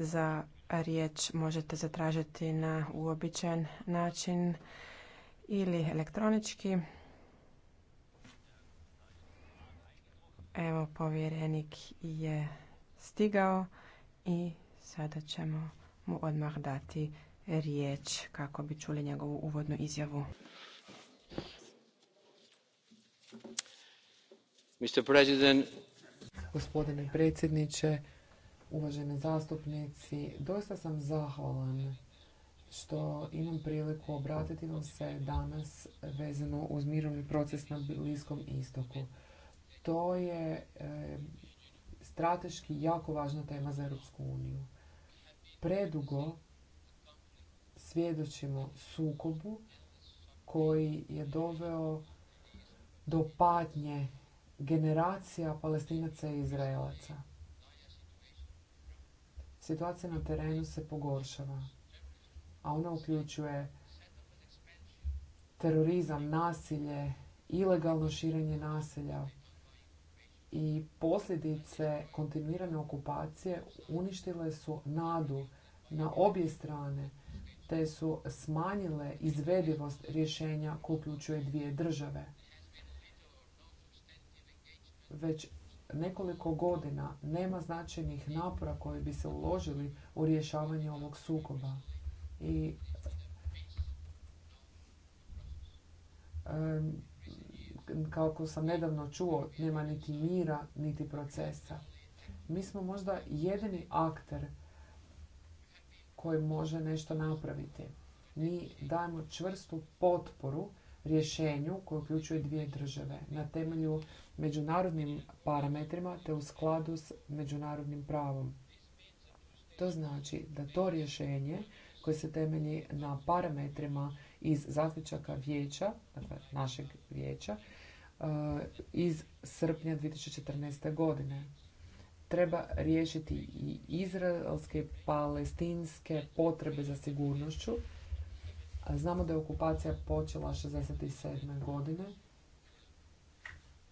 za riječ možete zatražiti na uobičajen način ili elektronički. Evo, povjerenik je stigao i sada ćemo mu odmah dati riječ kako bi čuli njegovu uvodnu izjavu. Mr. President. Gospodine predsjedniče, uvaženi zastupnici. dosta sam zahvalan što imam priliku obratiti vam se danas vezano uz mirovni proces na Bliskom istoku. To je e, strateški jako važna tema za Europsku uniju. Predugo svjedočimo sukobu koji je doveo do patnje generacija palestinaca i izraelaca situacija na terenu se pogoršava, a ona uključuje terorizam, nasilje, ilegalno širenje naselja i posljedice kontinuirane okupacije uništile su nadu na obje strane te su smanjile izvedivost rješenja koje uključuje dvije države. Već nekoliko godina nema značajnih napora koji bi se uložili u rješavanje ovog sukoba. I kako sam nedavno čuo, nema niti mira, niti procesa. Mi smo možda jedini akter koji može nešto napraviti. Mi dajemo čvrstu potporu rješenju koje uključuje dvije države na temelju međunarodnim parametrima te u skladu s međunarodnim pravom. To znači da to rješenje koje se temelji na parametrima iz zaključaka vijeća, dakle našeg vijeća, eh, iz srpnja 2014. godine. Treba riješiti i izraelske, palestinske potrebe za sigurnošću, Znamo da je okupacija počela 67. godine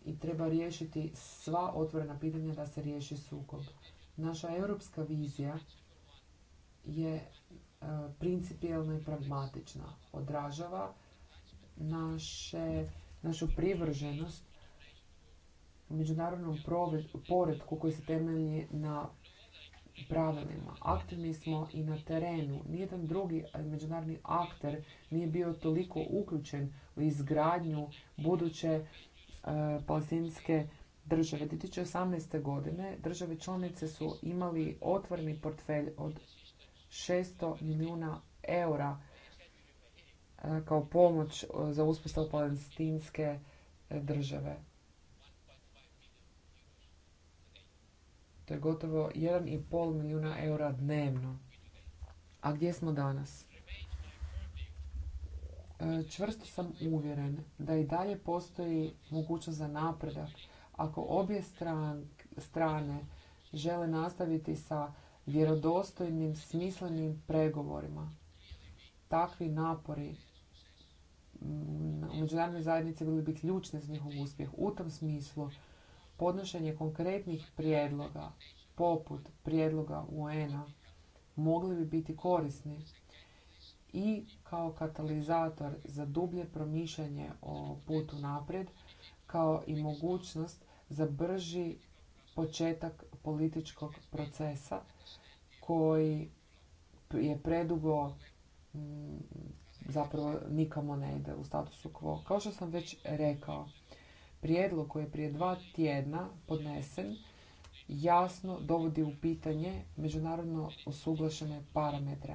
i treba riješiti sva otvorena pitanja da se riješi sukob. Naša europska vizija je e, principijelna i pragmatična. Odražava naše, našu privrženost međunarodnom poredku koji se temelji na pravilima. Aktivni smo i na terenu. Nijedan drugi eh, međunarodni akter nije bio toliko uključen u izgradnju buduće eh, palestinske države. 2018. godine države članice su imali otvorni portfelj od 600 milijuna eura eh, kao pomoć za uspostavu palestinske države. To je gotovo 1,5 milijuna eura dnevno. A gdje smo danas? E, čvrsto sam uvjeren da i dalje postoji mogućnost za napredak ako obje strane žele nastaviti sa vjerodostojnim, smislenim pregovorima. Takvi napori u mm, međunarodnoj zajednici bili bi ključni za njihov uspjeh. U tom smislu podnošenje konkretnih prijedloga, poput prijedloga UN-a, mogli bi biti korisni i kao katalizator za dublje promišljanje o putu naprijed, kao i mogućnost za brži početak političkog procesa koji je predugo mm, zapravo nikamo ne ide u statusu quo. Kao što sam već rekao, Prijedlog koji je prije dva tjedna podnesen jasno dovodi u pitanje međunarodno usuglašene parametre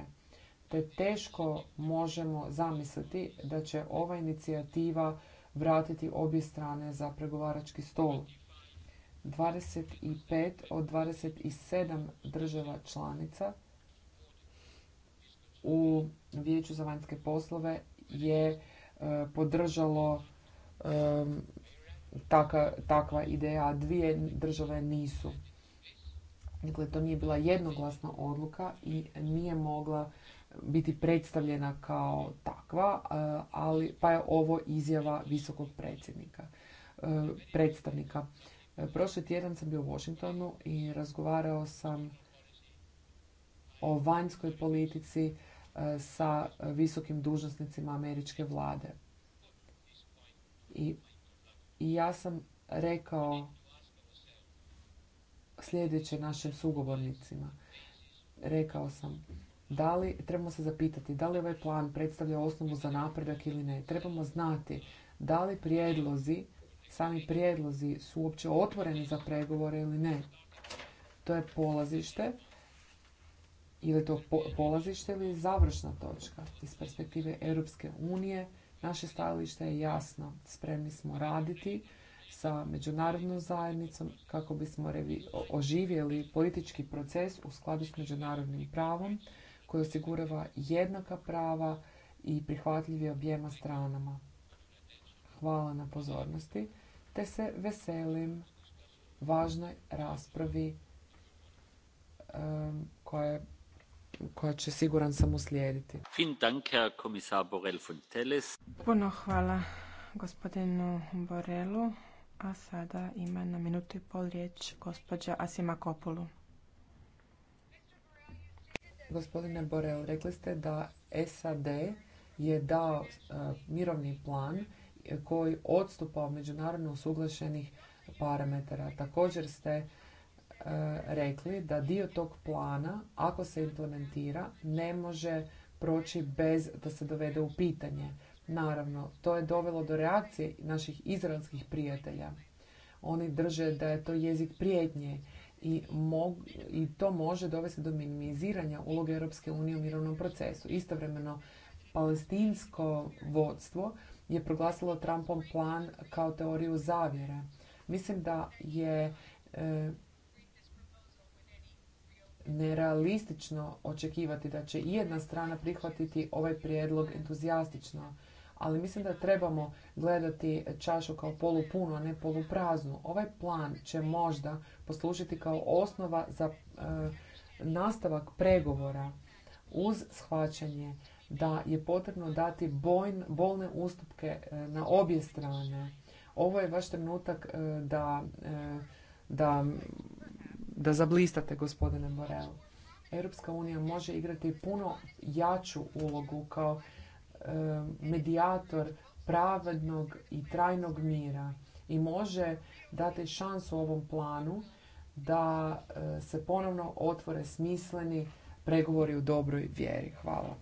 te teško možemo zamisliti da će ova inicijativa vratiti obje strane za pregovarački stol. 25 od 27 država članica u Vijeću za vanjske poslove je e, podržalo takva ideja, dvije države nisu. Dakle, to nije bila jednoglasna odluka i nije mogla biti predstavljena kao takva, e, ali pa je ovo izjava visokog predsjednika, e, predstavnika. E, prošli tjedan sam bio u Washingtonu i razgovarao sam o vanjskoj politici sa visokim dužnosnicima američke vlade. I i ja sam rekao sljedeće našim sugovornicima. Rekao sam, da li, trebamo se zapitati da li ovaj plan predstavlja osnovu za napredak ili ne. Trebamo znati da li prijedlozi, sami prijedlozi su uopće otvoreni za pregovore ili ne. To je polazište ili to polazište ili završna točka iz perspektive Europske unije Naše stajalište je jasno. Spremni smo raditi sa međunarodnom zajednicom kako bismo oživjeli politički proces u skladu s međunarodnim pravom koji osigurava jednaka prava i prihvatljivi objema stranama. Hvala na pozornosti te se veselim važnoj raspravi koja je koja će siguran sam uslijediti. Puno hvala gospodinu Borelu, a sada ima na minutu i pol riječ gospođa Asima Kopulu. Gospodine Borel, rekli ste da SAD je dao e, mirovni plan koji odstupa od međunarodno usuglašenih parametara. Također ste E, rekli da dio tog plana, ako se implementira, ne može proći bez da se dovede u pitanje. Naravno, to je dovelo do reakcije naših izraelskih prijatelja. Oni drže da je to jezik prijetnje i, i to može dovesti do minimiziranja uloge Europske unije u mirovnom procesu. Istovremeno, palestinsko vodstvo je proglasilo Trumpom plan kao teoriju zavjere. Mislim da je e, nerealistično očekivati da će jedna strana prihvatiti ovaj prijedlog entuzijastično, ali mislim da trebamo gledati čašu kao polupunu, a ne polupraznu. Ovaj plan će možda poslužiti kao osnova za e, nastavak pregovora uz shvaćanje da je potrebno dati bojn, bolne ustupke e, na obje strane. Ovo je vaš trenutak e, da, da da zablistate, gospodine Borel. Europska unija može igrati puno jaču ulogu kao e, medijator pravednog i trajnog mira i može dati šansu ovom planu da e, se ponovno otvore smisleni pregovori u dobroj vjeri. Hvala.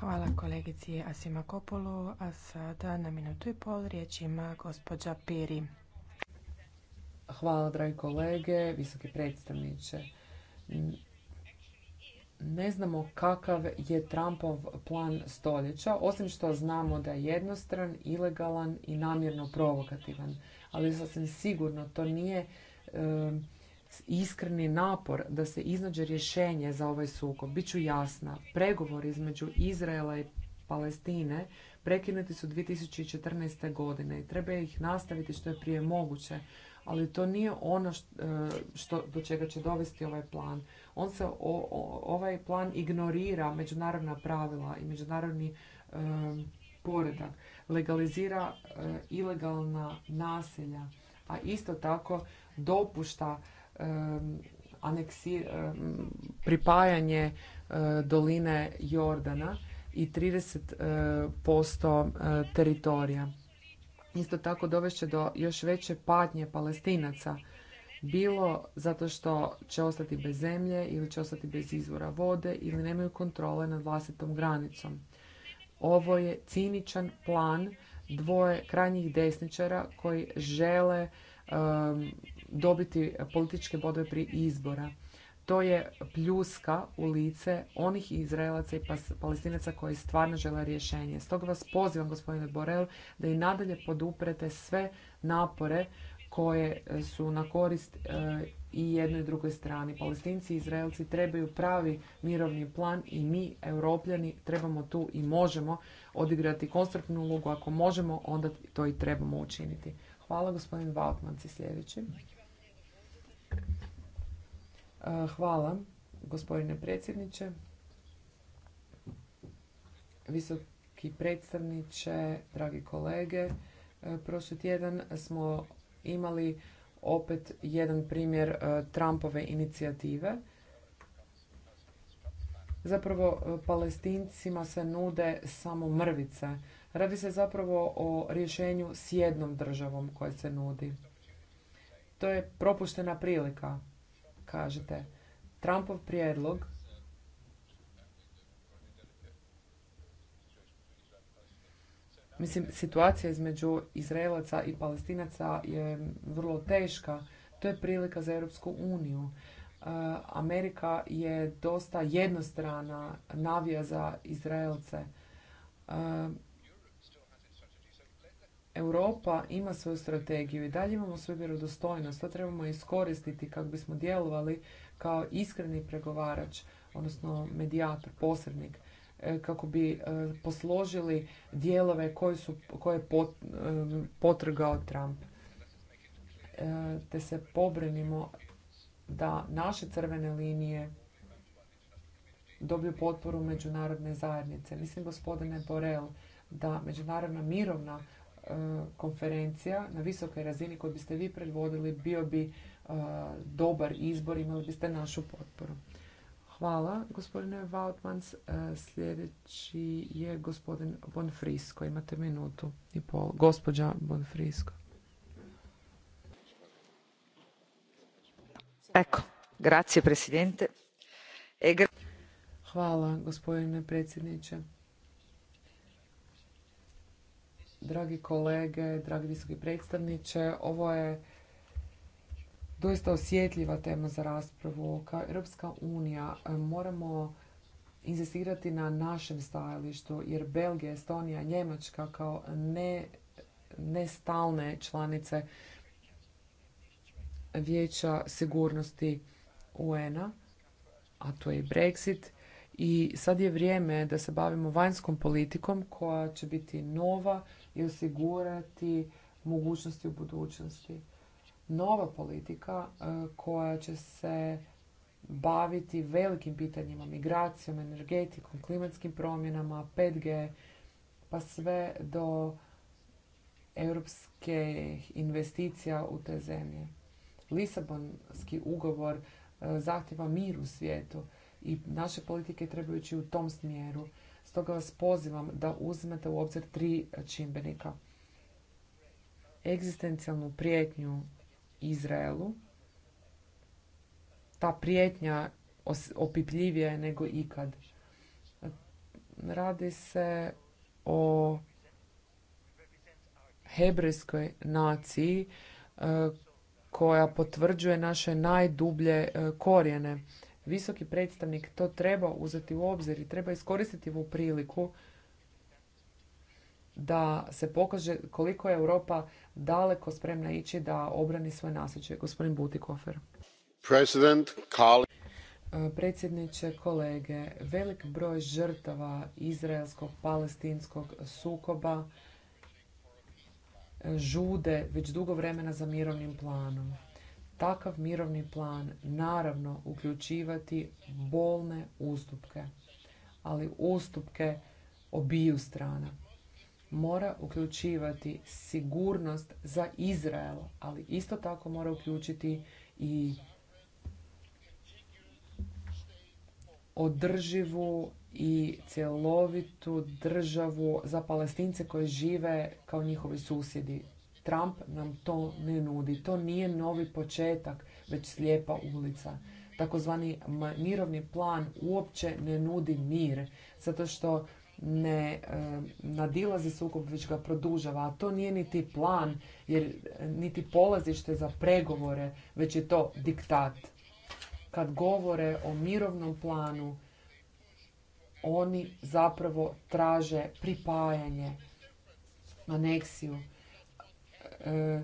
Hvala kolegici Asimakopulu, a sada na minutu i pol riječ ima gospođa Piri. Hvala, dragi kolege, visoki predstavniče. Ne znamo kakav je Trumpov plan stoljeća, osim što znamo da je jednostran, ilegalan i namjerno provokativan. Ali sasvim sigurno to nije iskreni napor da se iznađe rješenje za ovaj sukob. Biću jasna, pregovori između Izraela i Palestine prekinuti su 2014. godine i treba ih nastaviti što je prije moguće ali to nije ono e, što, do čega će dovesti ovaj plan. On se, ovaj plan ignorira međunarodna pravila i međunarodni e, poredak. Legalizira e, ilegalna naselja, a isto tako dopušta e, aneksi, pripajanje doline Jordana i 30% teritorija isto tako će do još veće patnje palestinaca bilo zato što će ostati bez zemlje ili će ostati bez izvora vode ili nemaju kontrole nad vlastitom granicom. Ovo je ciničan plan dvoje krajnjih desničara koji žele um, dobiti političke bodove pri izbora to je pljuska u lice onih Izraelaca i Palestinaca koji stvarno žele rješenje. Stoga vas pozivam, gospodine Borel, da i nadalje poduprete sve napore koje e, su na korist e, i jednoj i drugoj strani. Palestinci i Izraelci trebaju pravi mirovni plan i mi, europljani, trebamo tu i možemo odigrati konstruktivnu ulogu. Ako možemo, onda to i trebamo učiniti. Hvala, gospodin i sljedeći. Eh, hvala, gospodine predsjedniče. Visoki predstavniče, dragi kolege, eh, prošli tjedan smo imali opet jedan primjer eh, Trumpove inicijative. Zapravo, palestincima se nude samo mrvice. Radi se zapravo o rješenju s jednom državom koja se nudi. To je propuštena prilika kažete. Trumpov prijedlog Mislim, situacija između Izraelaca i Palestinaca je vrlo teška. To je prilika za Europsku uniju. E, Amerika je dosta jednostrana navija za Izraelce. E, Europa ima svoju strategiju i dalje imamo svoju vjerodostojnost. To trebamo iskoristiti kako bismo djelovali kao iskreni pregovarač, odnosno medijator, posrednik, e, kako bi e, posložili dijelove koje, su, koje je e, potrgao Trump. Te se pobrinimo da naše crvene linije dobiju potporu međunarodne zajednice. Mislim, gospodine Borel, da međunarodna mirovna E, konferencija na visokoj razini koju biste vi predvodili bio bi e, dobar izbor, imali biste našu potporu. Hvala, gospodine Vautmans. E, sljedeći je gospodin Bonfrisko. Imate minutu i pol. Gospođa Bonfrisko. Eko, grazie, presidente. Hvala, gospodine predsjedniče dragi kolege, dragi visoki predstavniče. Ovo je doista osjetljiva tema za raspravu. Kao Europska unija e, moramo inzistirati na našem stajalištu, jer Belgija, Estonija, Njemačka kao ne, nestalne članice vijeća sigurnosti UN-a, a to je i Brexit, i sad je vrijeme da se bavimo vanjskom politikom koja će biti nova, i osigurati mogućnosti u budućnosti. Nova politika e, koja će se baviti velikim pitanjima, migracijom, energetikom, klimatskim promjenama, 5G, pa sve do europske investicija u te zemlje. Lisabonski ugovor e, zahtjeva mir u svijetu i naše politike trebaju ići u tom smjeru. Stoga vas pozivam da uzmete u obzir tri čimbenika. Egzistencijalnu prijetnju Izraelu. Ta prijetnja opipljivija je nego ikad. Radi se o hebrejskoj naciji e, koja potvrđuje naše najdublje e, korijene visoki predstavnik to treba uzeti u obzir i treba iskoristiti ovu priliku da se pokaže koliko je Europa daleko spremna ići da obrani svoje nasljeđe. Gospodin Butikofer. E, predsjedniče, kolege, velik broj žrtava izraelskog, palestinskog sukoba e, žude već dugo vremena za mirovnim planom takav mirovni plan naravno uključivati bolne ustupke, ali ustupke obiju strana. Mora uključivati sigurnost za Izrael, ali isto tako mora uključiti i održivu i cjelovitu državu za palestince koji žive kao njihovi susjedi. Trump nam to ne nudi. To nije novi početak, već slijepa ulica. Takozvani mirovni plan uopće ne nudi mir, zato što ne eh, nadilazi sukob, već ga produžava. A to nije niti plan, jer eh, niti polazište za pregovore, već je to diktat. Kad govore o mirovnom planu, oni zapravo traže pripajanje, aneksiju. E, e,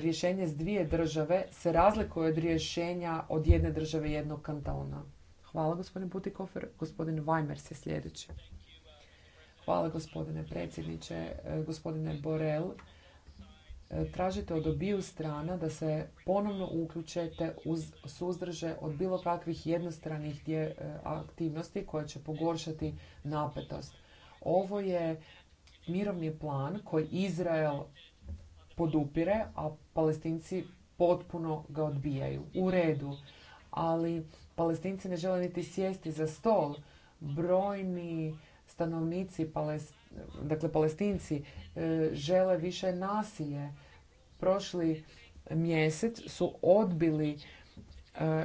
rješenje s dvije države se razlikuje od rješenja od jedne države jednog kantona. Hvala gospodin Butikofer. Gospodin Weimer se sljedeći. Hvala gospodine predsjedniče, e, gospodine Borel. Tražite od obiju strana da se ponovno uključete uz suzdrže od bilo kakvih jednostranih aktivnosti koje će pogoršati napetost. Ovo je mirovni plan koji Izrael podupire, a palestinci potpuno ga odbijaju. U redu. Ali palestinci ne žele niti sjesti za stol. Brojni stanovnici, dakle palestinci, e, žele više nasilje. Prošli mjesec su odbili e,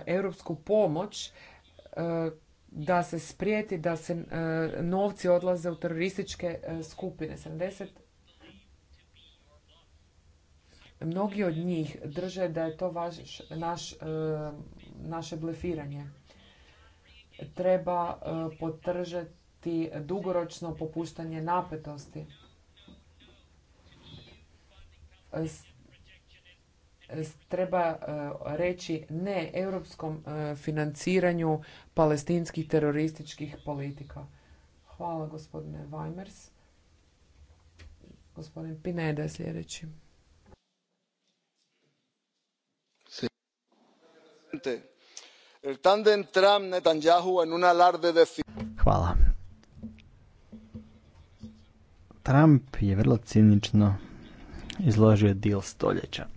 europsku pomoć e, da se sprijeti da se novci odlaze u terorističke skupine. 70 mnogi od njih drže da je to vaš, naš, e, naše blefiranje. Treba e, potržati dugoročno popuštanje napetosti. Treba e, reći ne europskom financiranju palestinskih terorističkih politika. Hvala gospodine Weimers. Gospodin Pineda je sljedeći. Hvala. Trump je vrlo cinično izložio dil stoljeća,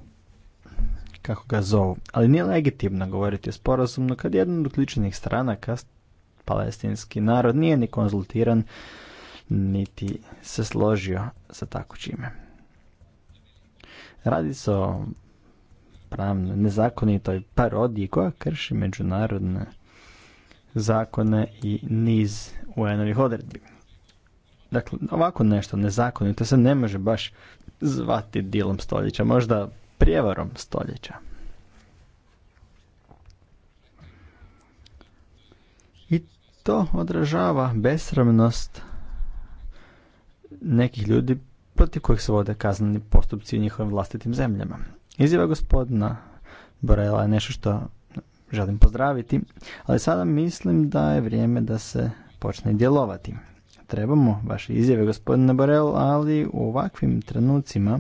kako ga zovu, ali nije legitimno govoriti o sporazumno kad jedna od ključnih stranaka, palestinski narod, nije ni konzultiran, niti se složio sa tako Radi se o protupravnoj, nezakonitoj parodiji koja krši međunarodne zakone i niz UN-ovih odredbi. Dakle, ovako nešto nezakonito se ne može baš zvati dilom stoljeća, možda prijevarom stoljeća. I to odražava besramnost nekih ljudi protiv kojih se vode kazneni postupci u njihovim vlastitim zemljama. Izjava gospodina Borela je nešto što želim pozdraviti, ali sada mislim da je vrijeme da se počne djelovati. Trebamo vaše izjave gospodine Borel, ali u ovakvim trenucima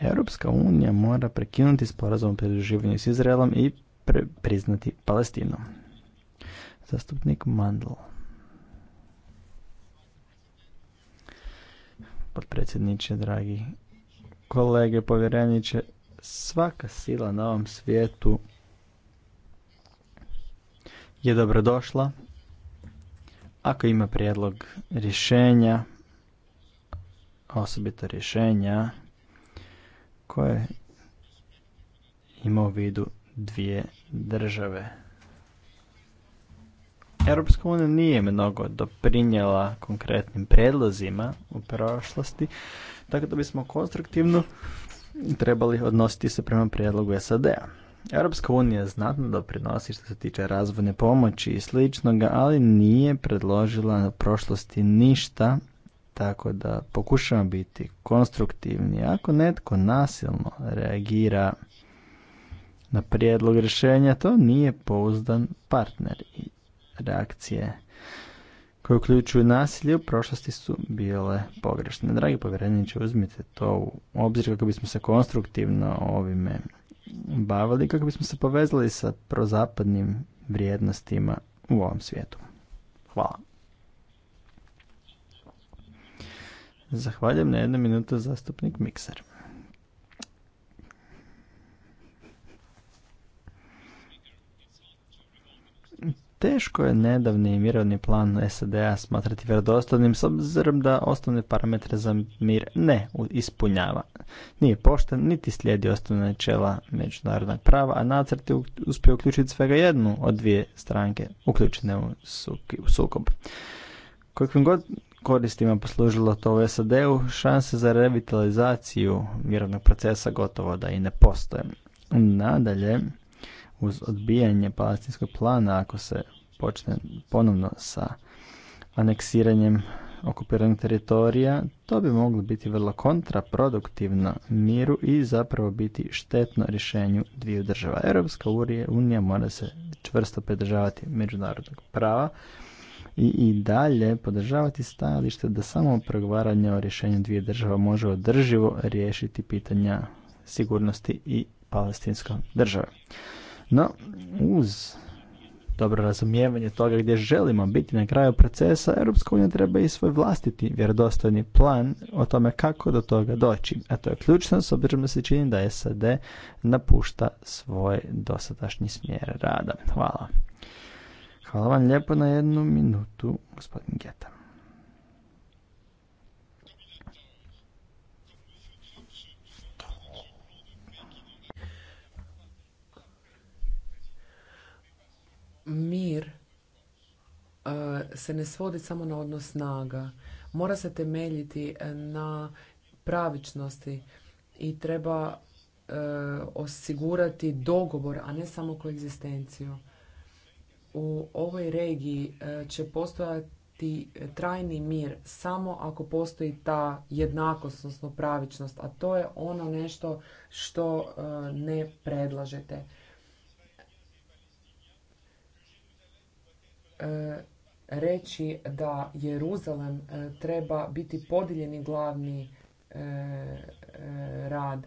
Europska unija mora prekinuti sporazum o pridruživanju s Izraelom i priznati Palestinu. Zastupnik Mandl. Potpredsjedniče, dragi kolege povjereniče, svaka sila na ovom svijetu je dobrodošla ako ima prijedlog rješenja, osobito rješenja koje ima u vidu dvije države. Europska unija nije mnogo doprinjela konkretnim predlozima u prošlosti, tako da bismo konstruktivno trebali odnositi se prema prijedlogu SAD-a. Europska unija znatno doprinosi što se tiče razvojne pomoći i sličnoga, ali nije predložila na prošlosti ništa, tako da pokušamo biti konstruktivni. Ako netko nasilno reagira na prijedlog rješenja, to nije pouzdan partner i reakcije koje uključuju nasilje u prošlosti su bile pogrešne. Dragi povjereniče, uzmite to u obzir kako bismo se konstruktivno ovime bavili, kako bismo se povezali sa prozapadnim vrijednostima u ovom svijetu. Hvala. Zahvaljujem na jednu minutu zastupnik Mikser. Teško je nedavni mirovni plan SAD-a smatrati vjerodostojnim s obzirom da osnovne parametre za mir ne ispunjava. Nije pošten, niti slijedi osnovna načela međunarodnog prava, a nacrt je uspio uključiti svega jednu od dvije stranke uključene u, sukob. koliko god koristima poslužilo to u SAD-u, šanse za revitalizaciju mirovnog procesa gotovo da i ne postoje. Nadalje, uz odbijanje palestinskog plana ako se počne ponovno sa aneksiranjem okupiranih teritorija, to bi moglo biti vrlo kontraproduktivno miru i zapravo biti štetno rješenju dviju država. Europska unija mora se čvrsto pridržavati međunarodnog prava i, i dalje podržavati stajalište da samo pregovaranje o rješenju dvije država može održivo riješiti pitanja sigurnosti i palestinske države. No, uz dobro razumijevanje toga gdje želimo biti na kraju procesa, Europska unija treba i svoj vlastiti vjerodostojni plan o tome kako do toga doći. A to je ključno s obzirom da se čini da SAD napušta svoj dosadašnji smjer rada. Hvala. Hvala vam lijepo na jednu minutu, gospodin Getam. mir eh, se ne svodi samo na odnos snaga. Mora se temeljiti eh, na pravičnosti i treba eh, osigurati dogovor, a ne samo koegzistenciju. U ovoj regiji će postojati trajni mir samo ako postoji ta jednakost, odnosno pravičnost, a to je ono nešto što ne predlažete. E, reći da Jeruzalem e, treba biti podijeljeni glavni e, rad.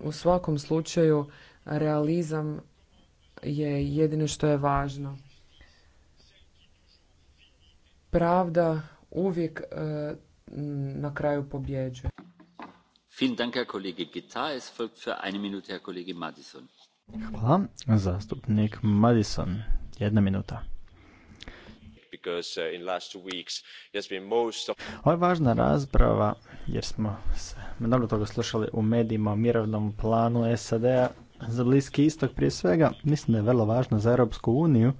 U svakom slučaju realizam je jedino što je važno. Pravda uvijek na kraju pobjeđuje. Vielen Dank, Herr Kollege Gitta. Madison. Hvala. Zastupnik Madison, jedna minuta. Uh, Ovo je važna razprava jer smo se mnogo toga slušali u medijima o mirovnom planu SAD-a za Bliski istok prije svega. Mislim da je vrlo važno za Europsku uniju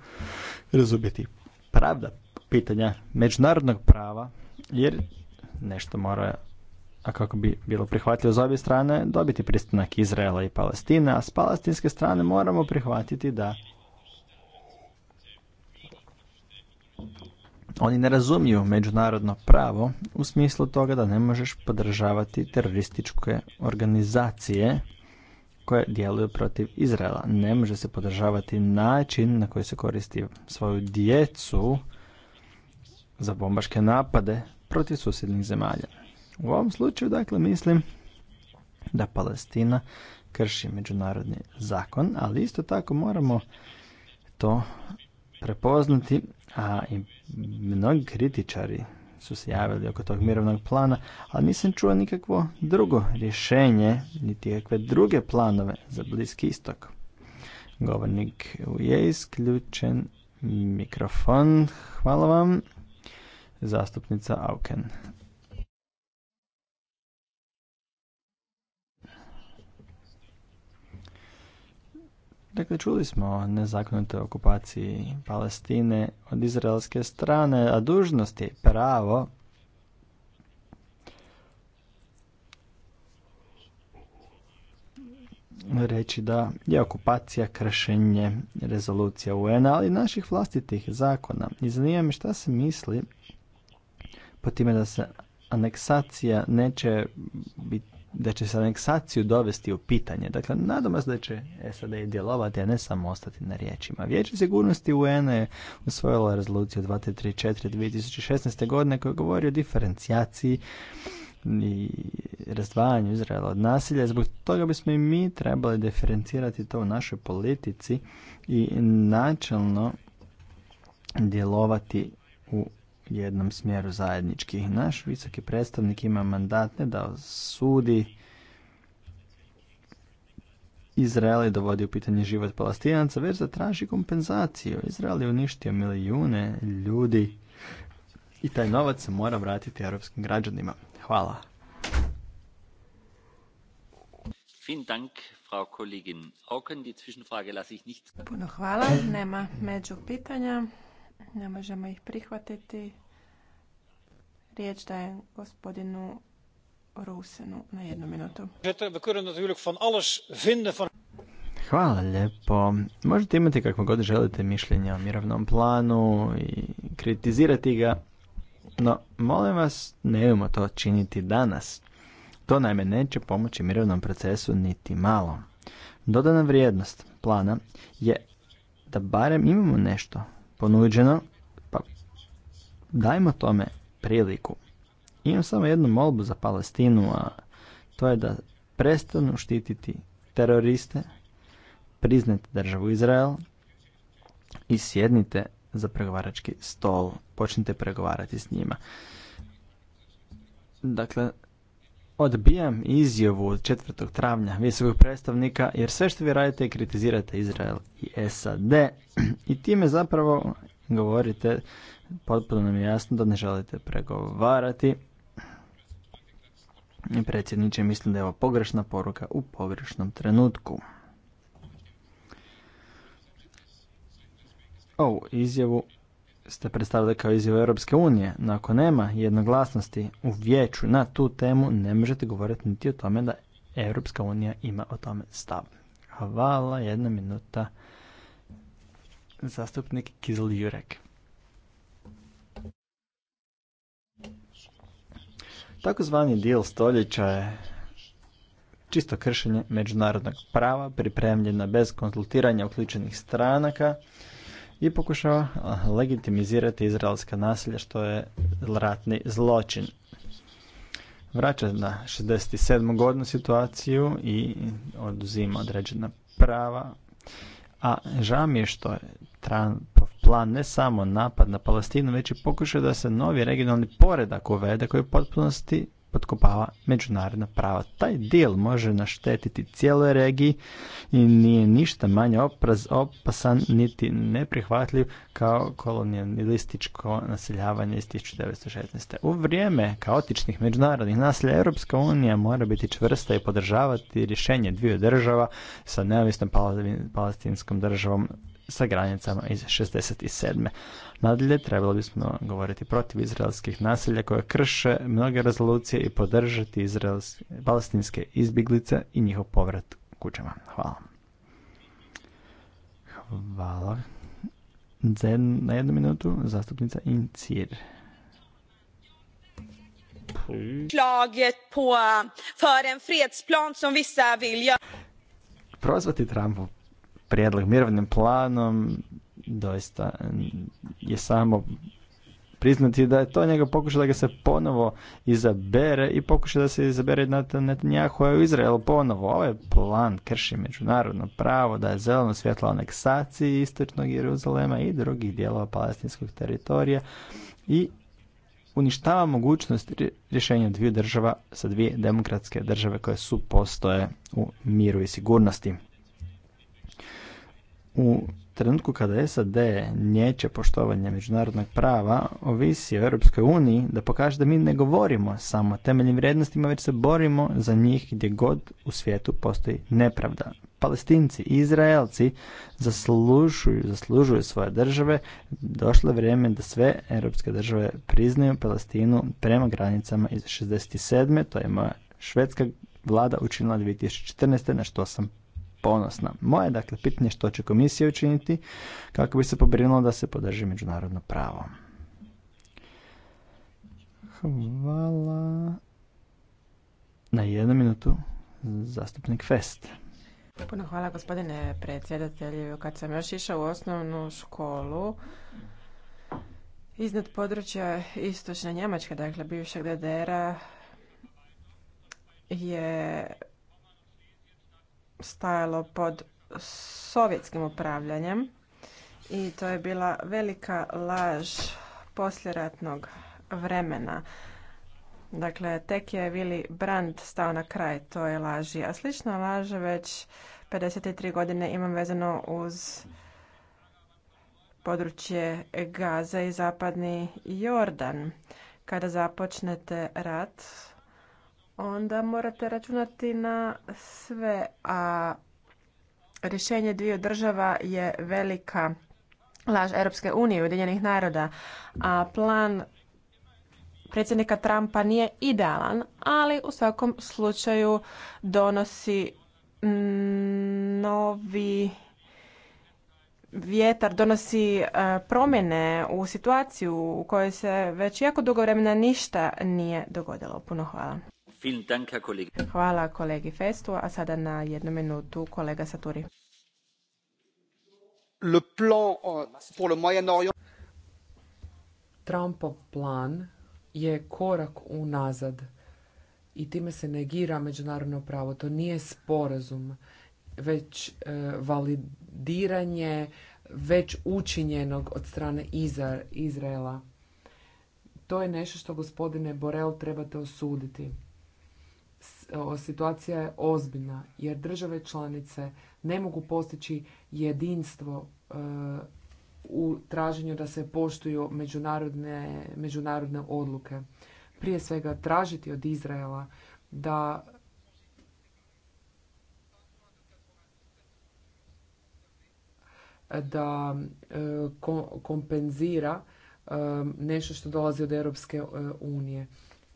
razumjeti pravda pitanja međunarodnog prava jer nešto mora a kako bi bilo prihvatljivo za obje strane, dobiti pristanak Izraela i Palestine, a s palestinske strane moramo prihvatiti da oni ne razumiju međunarodno pravo u smislu toga da ne možeš podržavati terorističke organizacije koje djeluju protiv Izraela. Ne može se podržavati način na koji se koristi svoju djecu za bombaške napade protiv susjednih zemalja. U ovom slučaju, dakle, mislim da Palestina krši međunarodni zakon, ali isto tako moramo to prepoznati, a i mnogi kritičari su se javili oko tog mirovnog plana, ali nisam čuo nikakvo drugo rješenje, niti kakve druge planove za Bliski istok. Govornik je isključen mikrofon. Hvala vam. Zastupnica Auken. Dakle, čuli smo o nezakonitoj okupaciji Palestine od izraelske strane, a dužnost je pravo reći da je okupacija kršenje rezolucija UN-a, ali naših vlastitih zakona. I zanima me šta se misli po time da se aneksacija neće biti da će se aneksaciju dovesti u pitanje. Dakle, nadamo se da će SAD djelovati, a ne samo ostati na riječima. Vijeće sigurnosti UN je usvojila rezoluciju 2334 2016. godine koja govori o diferencijaciji i razdvajanju Izraela od nasilja. Zbog toga bismo i mi trebali diferencirati to u našoj politici i načelno djelovati u jednom smjeru zajednički. Naš visoki predstavnik ima mandatne da sudi Izrael dovodi u pitanje život palestinaca, već da traži kompenzaciju. Izrael je uništio milijune ljudi i taj novac se mora vratiti europskim građanima. Hvala. Puno hvala, nema među pitanja, ne možemo ih prihvatiti. Riječ daje gospodinu Rusenu na jednu minutu. Hvala lijepo. Možete imati kako god želite mišljenje o mirovnom planu i kritizirati ga, no molim vas nemojmo to činiti danas. To naime neće pomoći mirovnom procesu niti malo. Dodana vrijednost plana je da barem imamo nešto ponuđeno, pa dajmo tome priliku. Imam samo jednu molbu za Palestinu, a to je da prestanu štititi teroriste, priznajte državu Izrael i sjednite za pregovarački stol. Počnite pregovarati s njima. Dakle, odbijam izjavu od 4. travnja visokog predstavnika jer sve što vi radite je kritizirate Izrael i SAD i time zapravo govorite, potpuno nam je jasno da ne želite pregovarati. Predsjedniče, mislim da je ovo pogrešna poruka u pogrešnom trenutku. Ovu izjavu ste predstavili kao izjavu Europske unije, no ako nema jednoglasnosti u vijeću na tu temu, ne možete govoriti niti o tome da Europska unija ima o tome stav. Hvala, jedna minuta zastupnik Kizil Jurek. Takozvani deal stoljeća je čisto kršenje međunarodnog prava pripremljena bez konzultiranja uključenih stranaka i pokušava legitimizirati izraelska nasilja što je ratni zločin. Vraća na 67. godinu situaciju i oduzima određena prava. A žao mi je što je plan ne samo napad na Palestinu, već i pokušaj da se novi regionalni poredak uvede koji u potpunosti potkopava međunarodna prava. Taj dil može naštetiti cijeloj regiji i nije ništa manje opraz, opasan niti neprihvatljiv kao kolonijalističko naseljavanje iz 1916. U vrijeme kaotičnih međunarodnih naselja Europska unija mora biti čvrsta i podržavati rješenje dviju država sa neovisnom palestinskom državom sa granicama iz 67. Nadalje, trebalo bismo govoriti protiv izraelskih nasilja koje krše mnoge rezolucije i podržati izrael palestinske izbjeglice i njihov povrat kućama. Hvala. Hvala. Na jednu minutu zastupnica Incir. Slaget på eh, för en fredsplan som vissa vill göra. Prozvati Trumpu prijedlog mirovnim planom doista je samo priznati da je to njega pokušaj da ga se ponovo izabere i pokušao da se izabere Netanjahu u Izraelu ponovo. Ovaj plan krši međunarodno pravo da je zeleno svjetlo aneksaciji istočnog Jeruzalema i drugih dijelova palestinskog teritorija i uništava mogućnost rješenja dviju država sa dvije demokratske države koje su postoje u miru i sigurnosti u trenutku kada SAD neće poštovanje međunarodnog prava, ovisi o Europskoj uniji da pokaže da mi ne govorimo samo temeljnim vrijednostima, već se borimo za njih gdje god u svijetu postoji nepravda. Palestinci i Izraelci zaslužuju, zaslužuju svoje države. Došlo je vrijeme da sve europske države priznaju Palestinu prema granicama iz 67. To je moja švedska vlada učinila 2014. na što sam ponosna. Moje dakle pitanje što će komisija učiniti kako bi se pobrinula da se podrži međunarodno pravo. Hvala. Na jednu minutu zastupnik Fest. Puno hvala gospodine predsjedatelju. Kad sam još išao u osnovnu školu, iznad područja istočne Njemačke, dakle bivšeg DDR-a, je stajalo pod sovjetskim upravljanjem i to je bila velika laž posljeratnog vremena. Dakle, tek je Willy Brandt stao na kraj toj laži, a slična laža već 53 godine imam vezano uz područje Gaza i zapadni Jordan. Kada započnete rat, onda morate računati na sve, a rješenje dviju država je velika laž Europske unije i Ujedinjenih naroda, a plan predsjednika Trumpa nije idealan, ali u svakom slučaju donosi novi vjetar, donosi e, promjene u situaciju u kojoj se već jako dugo vremena ništa nije dogodilo. Puno hvala. Hvala kolegi Festu, a sada na jednu minutu kolega Saturi. plan uh, Trumpov plan je korak unazad i time se negira međunarodno pravo. To nije sporazum, već uh, validiranje već učinjenog od strane Izraela. To je nešto što gospodine Borel trebate osuditi. E, situacija je ozbiljna jer države članice ne mogu postići jedinstvo e, u traženju da se poštuju međunarodne, međunarodne odluke. Prije svega tražiti od Izraela da da e, kompenzira nešto što dolazi od Europske unije.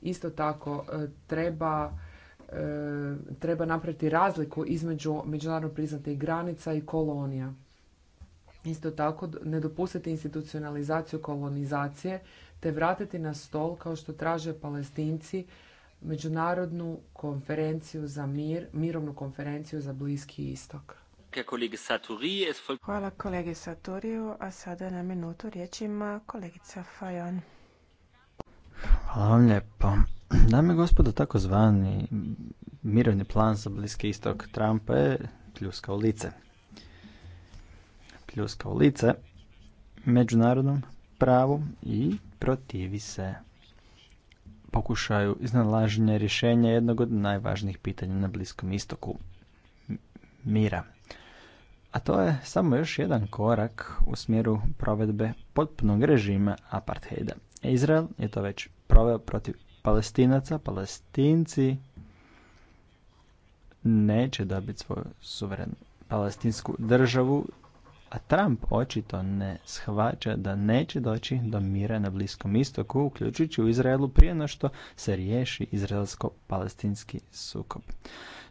Isto tako treba E, treba napraviti razliku između međunarodno priznatih granica i kolonija. Isto tako, ne dopustiti institucionalizaciju kolonizacije, te vratiti na stol, kao što traže palestinci, međunarodnu konferenciju za mir, mirovnu konferenciju za Bliski istok. Hvala kolegi Saturiju, a sada na minutu riječ ima kolegica Fajon. Hvala vam lijepo. Dame i gospodo, takozvani mirovni plan za Bliski istok Trumpa je pljuska u lice. Pljuska u lice međunarodnom pravu i protivi se pokušaju iznalaženja rješenja jednog od najvažnijih pitanja na Bliskom istoku mira. A to je samo još jedan korak u smjeru provedbe potpunog režima apartheida. Izrael je to već proveo protiv palestinaca, palestinci neće dobiti svoju suverenu palestinsku državu, a Trump očito ne shvaća da neće doći do mira na Bliskom istoku, uključujući u Izraelu prije no što se riješi izraelsko-palestinski sukob.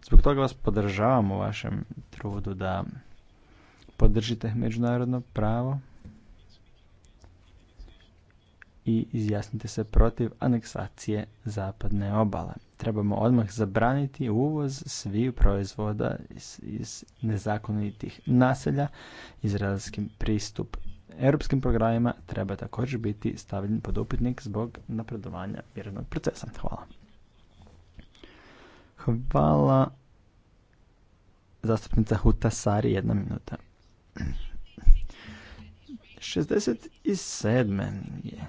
Zbog toga vas podržavam u vašem trudu da podržite međunarodno pravo, i izjasnite se protiv aneksacije zapadne obale. Trebamo odmah zabraniti uvoz svih proizvoda iz, nezakonitih naselja. Izraelski pristup europskim programima treba također biti stavljen pod upitnik zbog napredovanja mirovnog procesa. Hvala. Hvala zastupnica Sari, jedna minuta. 67. je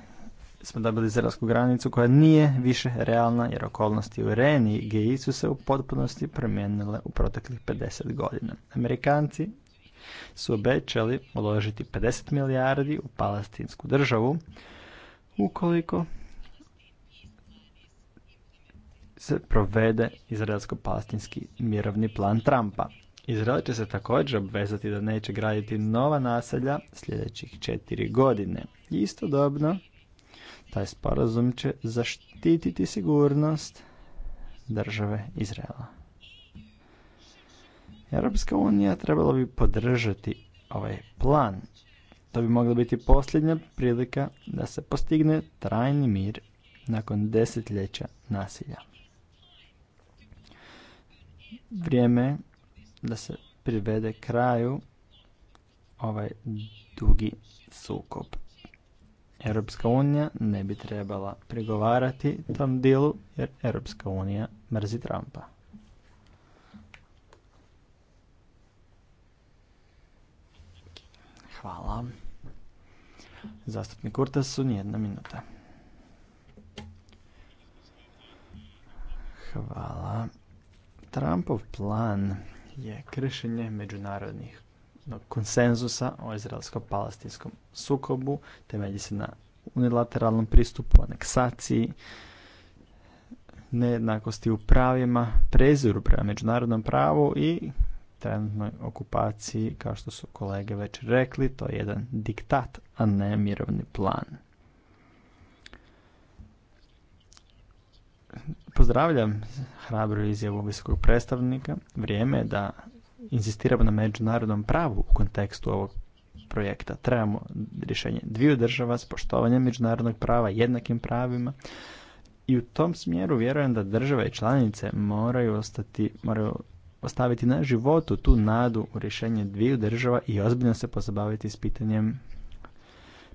smo dobili izraelsku granicu koja nije više realna jer okolnosti u Reni i GI su se u potpunosti promijenile u proteklih 50 godina. Amerikanci su obećali uložiti 50 milijardi u palestinsku državu ukoliko se provede izraelsko-palestinski mirovni plan Trumpa. Izrael će se također obvezati da neće graditi nova naselja sljedećih četiri godine. istodobno taj sporazum će zaštititi sigurnost države Izraela. Europska unija trebala bi podržati ovaj plan. To bi mogla biti posljednja prilika da se postigne trajni mir nakon desetljeća nasilja. Vrijeme da se privede kraju ovaj dugi sukob. Europska unija ne bi trebala pregovarati tom dilu jer Europska unija mrzi Trumpa. Hvala. Zastupnik su nijedna minuta. Hvala. Trumpov plan je kršenje međunarodnih konsenzusa o izraelsko-palestinskom sukobu, temelji se na unilateralnom pristupu, aneksaciji, nejednakosti u pravima, preziru prema međunarodnom pravu i trenutnoj okupaciji, kao što su kolege već rekli, to je jedan diktat, a ne mirovni plan. Pozdravljam hrabru izjavu visokog predstavnika. Vrijeme je da inzistiramo na međunarodnom pravu u kontekstu ovog projekta. Trebamo rješenje dviju država s poštovanjem međunarodnog prava, jednakim pravima. I u tom smjeru vjerujem da države i članice moraju, ostati, moraju ostaviti na životu tu nadu u rješenje dviju država i ozbiljno se pozabaviti s pitanjem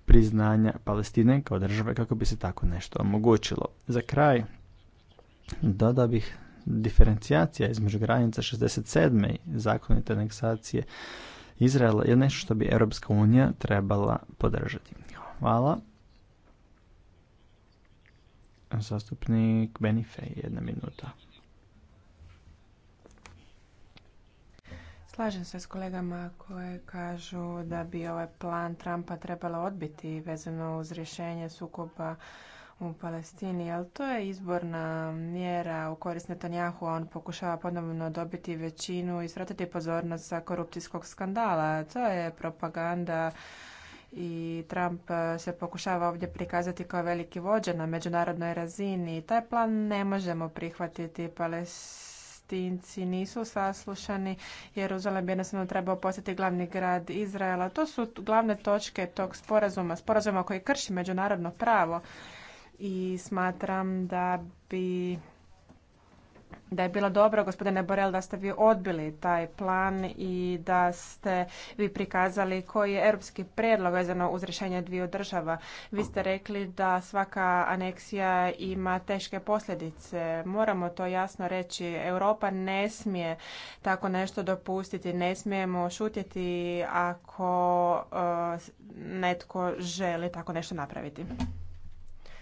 priznanja Palestine kao države kako bi se tako nešto omogućilo. Za kraj dodao bih diferencijacija između granica 67. i zakonite aneksacije Izraela je nešto što bi Europska unija trebala podržati. Hvala. Zastupnik Benifej, jedna minuta. Slažem se s kolegama koje kažu da bi ovaj plan Trumpa trebalo odbiti vezano uz rješenje sukoba u Palestini, ali to je izborna mjera u korist Netanjahu, on pokušava ponovno dobiti većinu i svratiti pozornost sa korupcijskog skandala. To je propaganda i Trump se pokušava ovdje prikazati kao veliki vođa na međunarodnoj razini. Taj plan ne možemo prihvatiti. Palestinci nisu saslušani. Jeruzalem je jednostavno trebao postati glavni grad Izraela. To su glavne točke tog sporazuma, sporazuma koji krši međunarodno pravo i smatram da bi da je bilo dobro, gospodine Borel, da ste vi odbili taj plan i da ste vi prikazali koji je europski predlog vezano uz rješenje dviju država. Vi ste rekli da svaka aneksija ima teške posljedice. Moramo to jasno reći. Europa ne smije tako nešto dopustiti. Ne smijemo šutjeti ako e, netko želi tako nešto napraviti.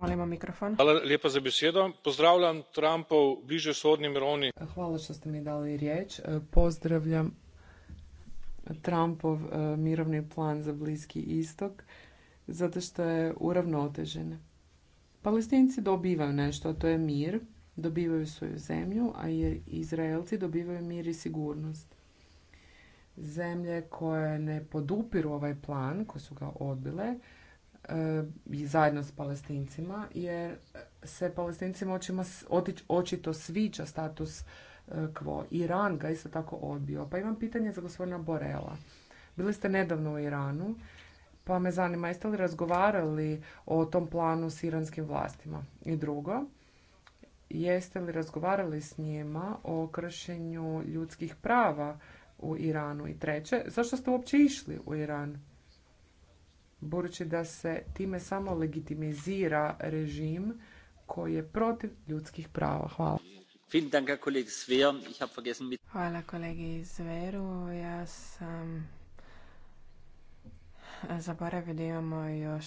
Hvala Pozdravljam Trumpov bliže Hvala što ste mi dali riječ. E, pozdravljam Trumpov e, mirovni plan za Bliski istok zato što je uravnotežen. Palestinci dobivaju nešto, a to je mir, dobivaju svoju zemlju, a Izraelci dobivaju mir i sigurnost. Zemlje koje ne podupiru ovaj plan, koje su ga odbile, E, zajedno s palestincima, jer se palestincima očima, očito sviđa status e, quo. Iran ga isto tako odbio. Pa imam pitanje za gospodina Borela. Bili ste nedavno u Iranu, pa me zanima jeste li razgovarali o tom planu s iranskim vlastima? I drugo, jeste li razgovarali s njima o kršenju ljudskih prava u Iranu? I treće, zašto ste uopće išli u Iran? budući da se time samo legitimizira režim koji je protiv ljudskih prava. Hvala. Hvala kolegi Zveru. Ja sam zaboravio da imamo još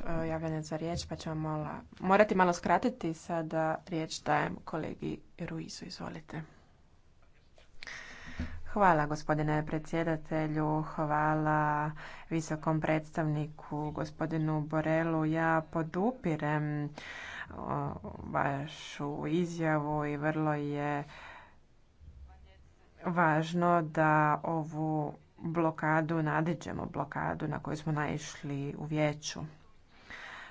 e, javljanje za riječ, pa ćemo mola... morati malo skratiti. Sada riječ dajem kolegi Ruizu. Izvolite. Hvala gospodine predsjedatelju, hvala visokom predstavniku gospodinu Borelu. Ja podupirem vašu izjavu i vrlo je važno da ovu blokadu nadiđemo, blokadu na koju smo naišli u vijeću.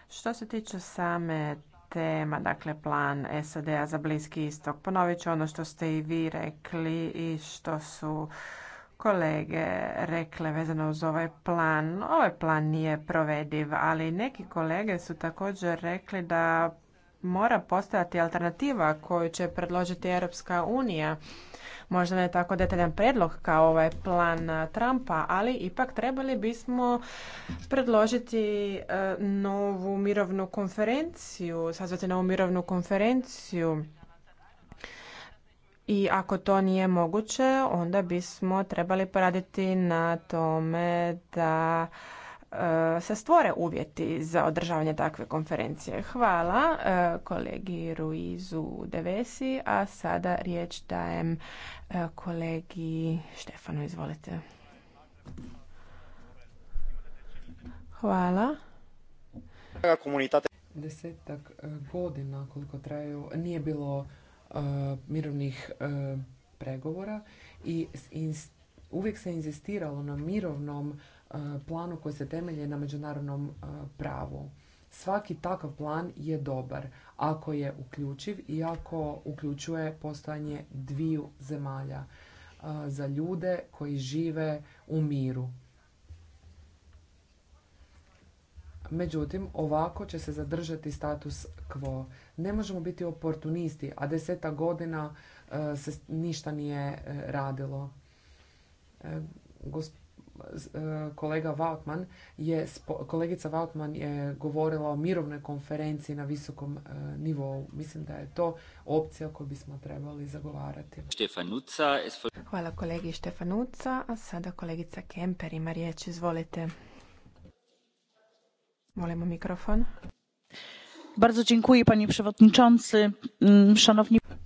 Što se tiče same tema, dakle plan SAD-a za Bliski istok. Ponovit ću ono što ste i vi rekli i što su kolege rekle vezano uz ovaj plan. Ovaj plan nije provediv, ali neki kolege su također rekli da mora postojati alternativa koju će predložiti Europska unija. Možda ne tako detaljan predlog kao ovaj plan Trumpa, ali ipak trebali bismo predložiti e, novu mirovnu konferenciju, sazvati novu mirovnu konferenciju. I ako to nije moguće, onda bismo trebali poraditi na tome da E, se stvore uvjeti za održavanje takve konferencije. Hvala e, kolegi Ruizu Devesi, a sada riječ dajem e, kolegi Štefanu, izvolite. Hvala. Desetak godina koliko traju nije bilo mirovnih pregovora i uvijek se inzistiralo na mirovnom E, planu koji se temelje na međunarodnom e, pravu. Svaki takav plan je dobar ako je uključiv i ako uključuje postojanje dviju zemalja e, za ljude koji žive u miru. Međutim, ovako će se zadržati status quo. Ne možemo biti oportunisti, a deseta godina se ništa nije radilo. Gospodin E, kolega Vautman je, kolegica Vautman je govorila o mirovnoj konferenciji na visokom e, nivou. Mislim da je to opcija koju bismo trebali zagovarati. Hvala kolegi Štefanuca, a sada kolegica Kemper ima riječ, izvolite. Molimo mikrofon. Mm,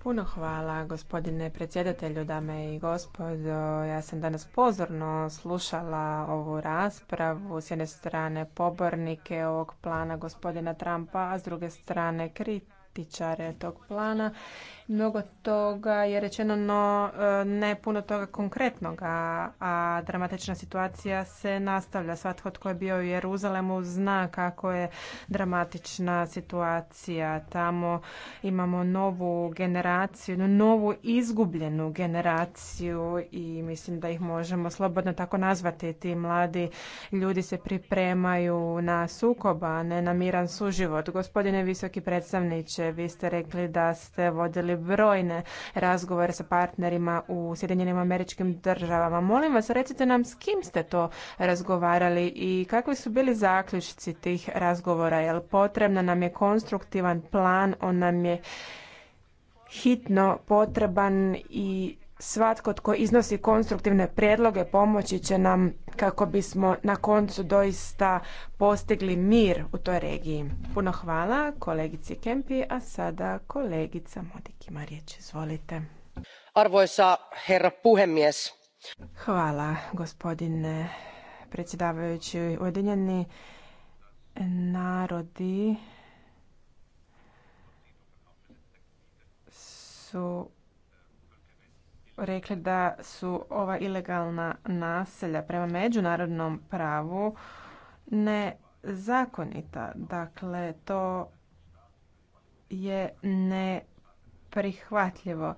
Puno hvala, gospodine predsjedatelju, dame i gospodo. Ja sam danas pozorno slušala ovu raspravu. S jedne strane pobornike ovog plana gospodina Trumpa, a s druge strane kritičare tog plana Mnogo toga je rečeno, no e, ne puno toga konkretnoga, a dramatična situacija se nastavlja. Svatko tko je bio u Jeruzalemu zna kako je dramatična situacija. Tamo imamo novu generaciju, novu izgubljenu generaciju i mislim da ih možemo slobodno tako nazvati. Ti mladi ljudi se pripremaju na sukoba, ne na miran suživot. Gospodine visoki predstavniče, vi ste rekli da ste vodili brojne razgovore sa partnerima u Sjedinjenim američkim državama. Molim vas, recite nam s kim ste to razgovarali i kakvi su bili zaključci tih razgovora, Jel potrebna nam je konstruktivan plan, on nam je hitno potreban i svatko tko iznosi konstruktivne prijedloge pomoći će nam kako bismo na koncu doista postigli mir u toj regiji. Puno hvala kolegici Kempi, a sada kolegica Modik ima riječ. Izvolite. Arvoisa herra puhemies. Hvala gospodine predsjedavajući Ujedinjeni narodi su rekli da su ova ilegalna naselja prema međunarodnom pravu nezakonita. Dakle, to je neprihvatljivo.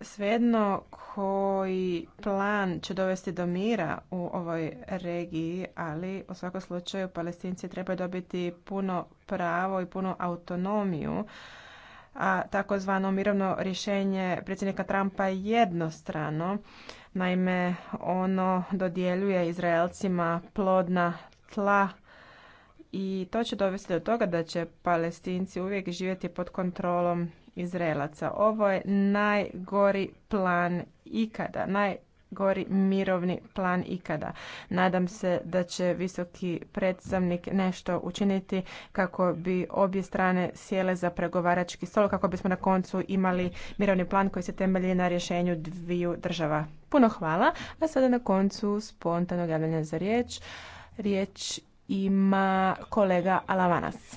Svejedno koji plan će dovesti do mira u ovoj regiji, ali u svakom slučaju palestinci trebaju dobiti puno pravo i puno autonomiju a takozvano mirovno rješenje predsjednika Trumpa je jednostrano. Naime, ono dodjeljuje Izraelcima plodna tla i to će dovesti do toga da će palestinci uvijek živjeti pod kontrolom Izraelaca. Ovo je najgori plan ikada, naj gori mirovni plan ikada. Nadam se da će visoki predstavnik nešto učiniti kako bi obje strane sjele za pregovarački stol, kako bismo na koncu imali mirovni plan koji se temelji na rješenju dviju država. Puno hvala, a sada na koncu spontano javljanje za riječ. Riječ ima kolega Alavanas.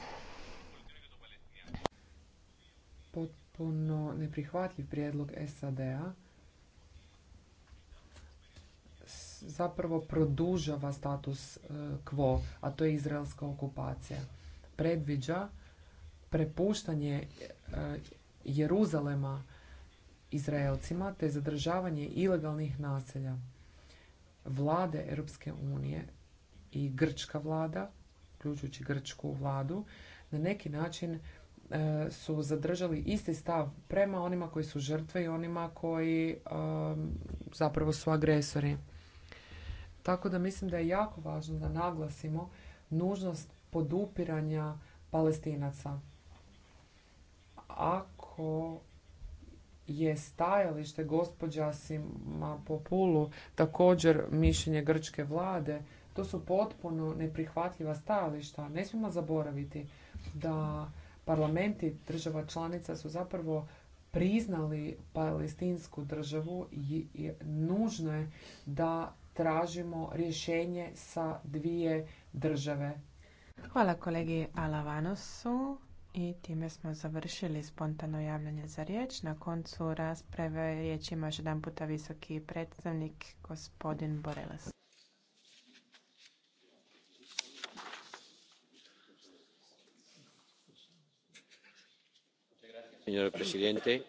Potpuno neprihvatljiv prijedlog SAD-a zapravo produžava status e, quo, a to je izraelska okupacija. Predviđa prepuštanje e, Jeruzalema Izraelcima te zadržavanje ilegalnih naselja. Vlade Europske unije i grčka vlada, uključujući grčku vladu, na neki način e, su zadržali isti stav prema onima koji su žrtve i onima koji zapravo su agresori. Tako da mislim da je jako važno da naglasimo nužnost podupiranja palestinaca. Ako je stajalište gospođa Sima Populu također mišljenje grčke vlade, to su potpuno neprihvatljiva stajališta. Ne smijemo zaboraviti da parlamenti država članica su zapravo priznali palestinsku državu i nužno je da tražimo rješenje sa dvije države. Hvala kolegi Alavanosu. I time smo završili spontano javljanje za riječ. Na koncu rasprave riječ ima još jedan puta visoki predstavnik gospodin Borelas. Señor presidente,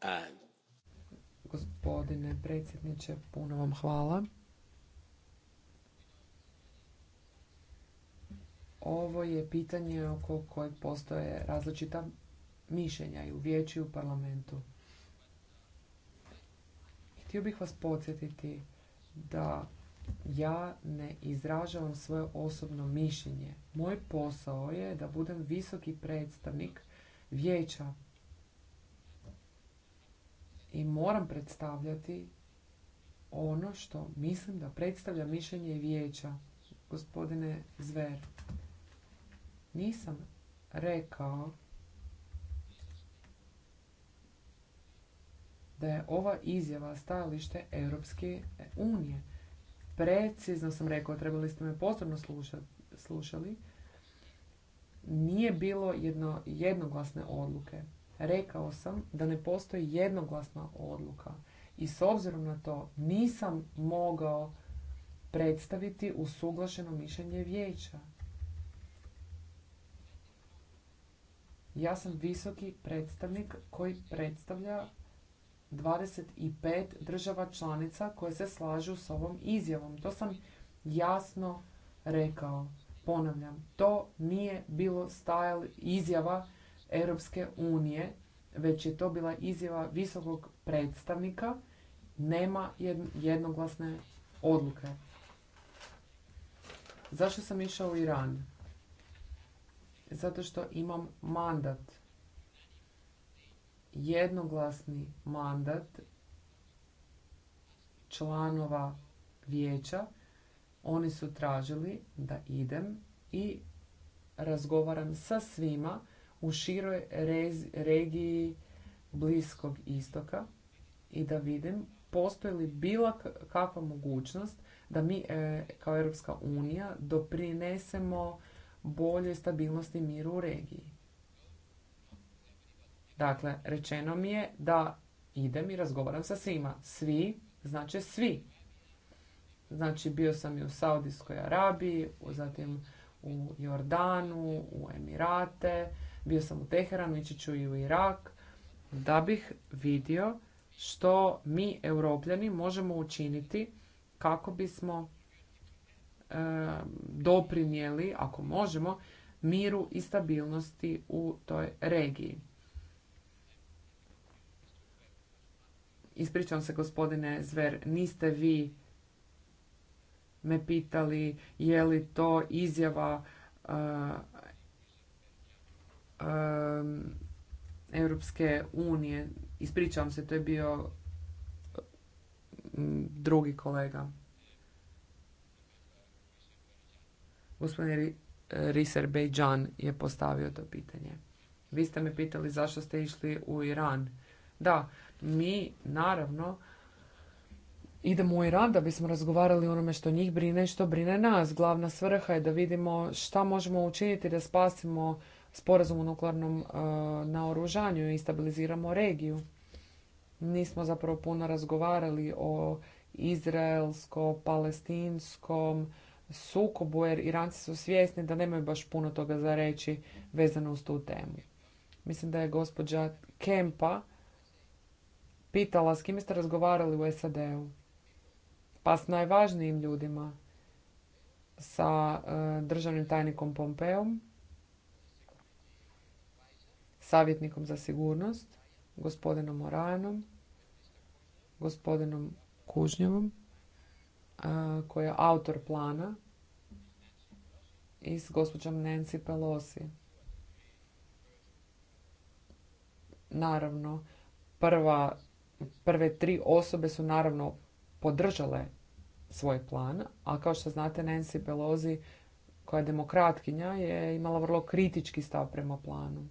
ah, gospodine predsjedniče, puno vam hvala. Ovo je pitanje oko kojeg postoje različita mišljenja i u vijeću i u parlamentu. Htio bih vas podsjetiti da ja ne izražavam svoje osobno mišljenje. Moj posao je da budem visoki predstavnik vijeća i moram predstavljati ono što mislim da predstavlja mišljenje vijeća. Gospodine Zver, nisam rekao da je ova izjava stajalište Europske unije. Precizno sam rekao, trebali ste me posebno slušali, nije bilo jedno, jednoglasne odluke. Rekao sam da ne postoji jednoglasna odluka i s obzirom na to nisam mogao predstaviti usuglašeno mišljenje vijeća. Ja sam visoki predstavnik koji predstavlja 25 država članica koje se slažu s ovom izjavom. To sam jasno rekao. Ponavljam, to nije bilo stajal izjava Europske unije, već je to bila izjava visokog predstavnika, nema jednoglasne odluke. Zašto sam išao u Iran? Zato što imam mandat. Jednoglasni mandat članova vijeća. Oni su tražili da idem i razgovaram sa svima u široj regiji Bliskog istoka i da vidim postoji li bila kakva mogućnost da mi e, kao Europska unija doprinesemo boljoj stabilnosti miru u regiji. Dakle, rečeno mi je da idem i razgovaram sa svima. Svi, znači svi. Znači, bio sam i u Saudijskoj Arabiji, zatim u Jordanu, u Emirate, bio sam u Teheranu, ići ću i u Irak, da bih vidio što mi, europljani, možemo učiniti kako bismo doprinijeli, ako možemo, miru i stabilnosti u toj regiji. Ispričavam se, gospodine Zver, niste vi me pitali je li to izjava eh, Um, Europske unije. Ispričavam se, to je bio mm, drugi kolega. Gospodin eh, Riser je postavio to pitanje. Vi ste me pitali zašto ste išli u Iran. Da, mi naravno idemo u Iran da bismo razgovarali o onome što njih brine i što brine nas. Glavna svrha je da vidimo šta možemo učiniti da spasimo sporazum o nuklearnom e, naoružanju i stabiliziramo regiju. Nismo zapravo puno razgovarali o izraelsko-palestinskom sukobu jer Iranci su svjesni da nemaju baš puno toga za reći vezano uz tu temu. Mislim da je gospođa Kempa pitala s kime ste razgovarali u SAD-u. Pa s najvažnijim ljudima, sa e, državnim tajnikom Pompeom, savjetnikom za sigurnost, gospodinom oranom gospodinom Kužnjevom, koji je autor plana i s gospođom Nancy Pelosi. Naravno, prva, prve tri osobe su naravno podržale svoj plan, a kao što znate Nancy Pelosi koja je demokratkinja je imala vrlo kritički stav prema planu.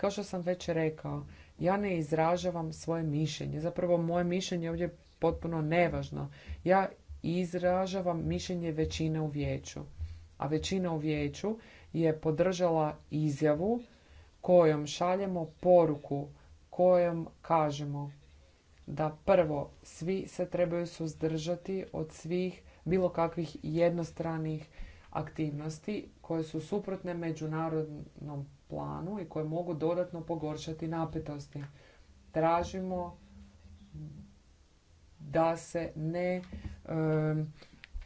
Kao što sam već rekao, ja ne izražavam svoje mišljenje. Zapravo moje mišljenje ovdje je potpuno nevažno. Ja izražavam mišljenje većine u vijeću. A većina u vijeću je podržala izjavu kojom šaljemo poruku kojom kažemo da prvo svi se trebaju suzdržati od svih bilo kakvih jednostranih aktivnosti koje su suprotne međunarodnom planu i koje mogu dodatno pogoršati napetosti. Tražimo da se ne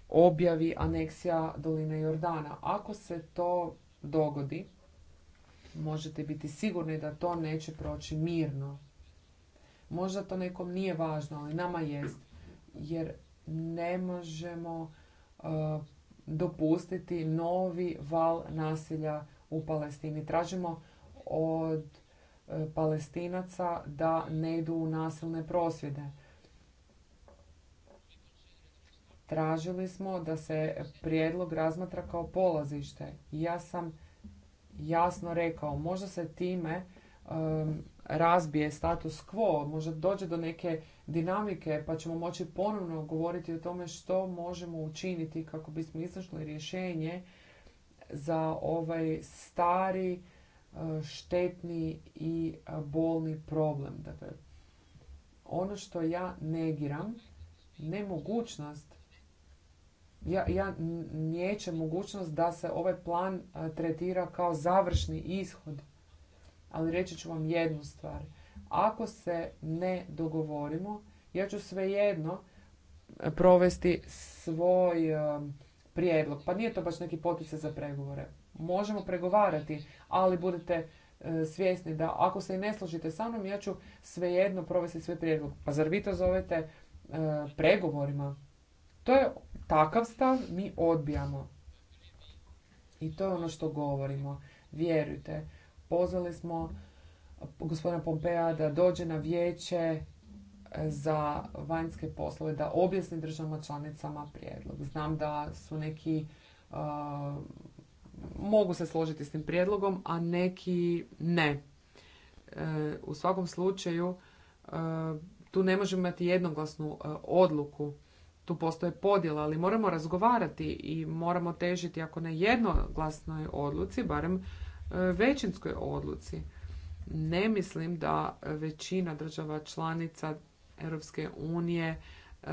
objavi aneksija Doline Jordana. Ako se to dogodi, možete biti sigurni da to neće proći mirno. Možda to nekom nije važno, ali nama jest. Jer ne možemo eh, dopustiti novi val nasilja u Palestini. Tražimo od e, palestinaca da ne idu u nasilne prosvjede. Tražili smo da se prijedlog razmatra kao polazište. Ja sam jasno rekao, možda se time e, razbije status quo, možda dođe do neke dinamike pa ćemo moći ponovno govoriti o tome što možemo učiniti kako bismo iznašli rješenje za ovaj stari, e, štetni i e, bolni problem. Dakle, ono što ja negiram, nemogućnost, ja, ja nijećem mogućnost da se ovaj plan e, tretira kao završni ishod. Ali reći ću vam jednu stvar. Ako se ne dogovorimo, ja ću svejedno provesti svoj prijedlog. Pa nije to baš neki poticaj za pregovore. Možemo pregovarati, ali budete e, svjesni da ako se i ne složite sa mnom, ja ću svejedno provesti sve prijedlog. Pa zar vi to zovete e, pregovorima? To je takav stav, mi odbijamo. I to je ono što govorimo. Vjerujte, pozvali smo gospodina Pompeja da dođe na vijeće za vanjske poslove da objasni državama članicama prijedlog. Znam da su neki uh, mogu se složiti s tim prijedlogom, a neki ne. Uh, u svakom slučaju uh, tu ne možemo imati jednoglasnu odluku. Tu postoje podjela, ali moramo razgovarati i moramo težiti ako ne jednoglasnoj odluci, barem većinskoj odluci. Ne mislim da većina država članica Europske unije e,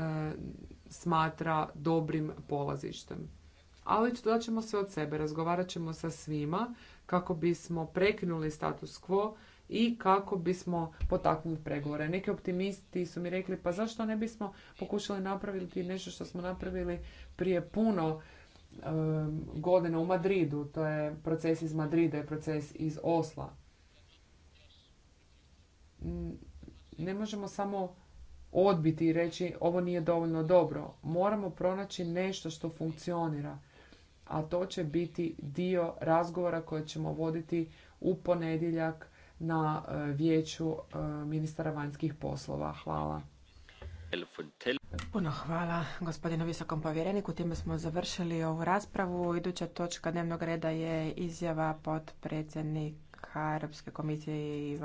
smatra dobrim polazištem. Ali da ćemo sve od sebe, razgovarat ćemo sa svima kako bismo prekinuli status quo i kako bismo potaknuli pregovore. Neki optimisti su mi rekli pa zašto ne bismo pokušali napraviti nešto što smo napravili prije puno godina u Madridu. To je proces iz Madrida je proces iz Osla. Ne možemo samo odbiti i reći ovo nije dovoljno dobro. Moramo pronaći nešto što funkcionira, a to će biti dio razgovora koje ćemo voditi u ponedjeljak na e, vijeću e, ministara vanjskih poslova. Hvala. Puno hvala gospodinu visokom povjereniku. Time smo završili ovu raspravu. Iduća točka dnevnog reda je izjava pod predsjednika Europske komisije i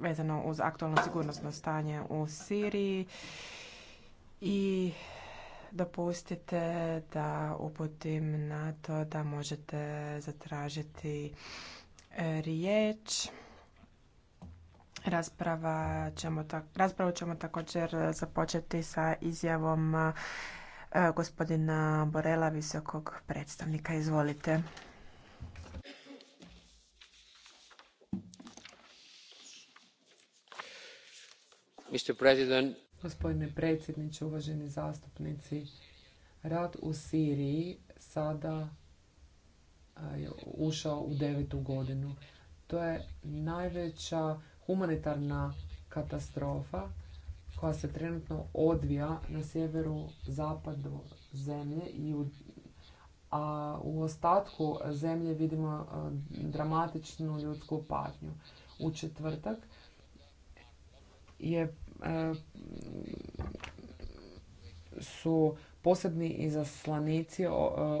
vezano uz aktualno sigurnosno stanje u Siriji i dopustite da uputim na to da možete zatražiti e, riječ. Rasprava ćemo, raspravu ćemo također započeti sa izjavom e, gospodina Borela, visokog predstavnika. Izvolite. Gospodine predsjedniče, uvaženi zastupnici, rat u Siriji sada je ušao u devetu godinu. To je najveća humanitarna katastrofa koja se trenutno odvija na sjeveru zapadu zemlje i u, a u ostatku zemlje vidimo dramatičnu ljudsku patnju. U četvrtak je e, su posebni izaslanici e,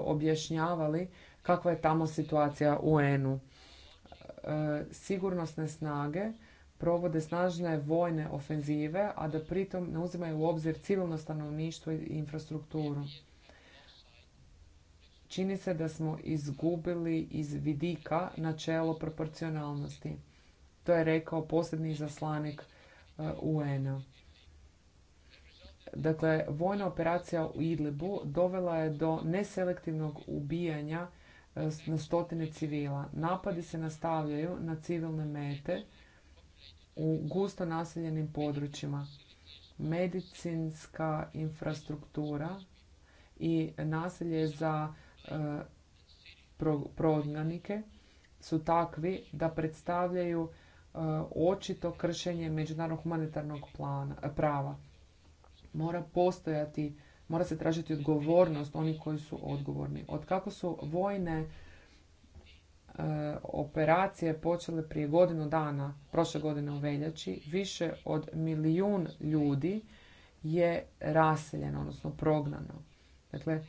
objašnjavali kakva je tamo situacija u UN-u. E, sigurnosne snage provode snažne vojne ofenzive, a da pritom ne uzimaju u obzir civilno stanovništvo i infrastrukturu. Čini se da smo izgubili iz vidika načelo proporcionalnosti. To je rekao posebni izaslanik Uh, UN-a. Dakle, vojna operacija u Idlibu dovela je do neselektivnog ubijanja uh, na stotine civila. Napadi se nastavljaju na civilne mete u gusto naseljenim područjima. Medicinska infrastruktura i naselje za uh, prognanike su takvi da predstavljaju E, očito kršenje međunarodnog humanitarnog e, prava. Mora postojati, mora se tražiti odgovornost onih koji su odgovorni. Od kako su vojne e, operacije počele prije godinu dana, prošle godine u veljači, više od milijun ljudi je raseljeno, odnosno prognano. Dakle,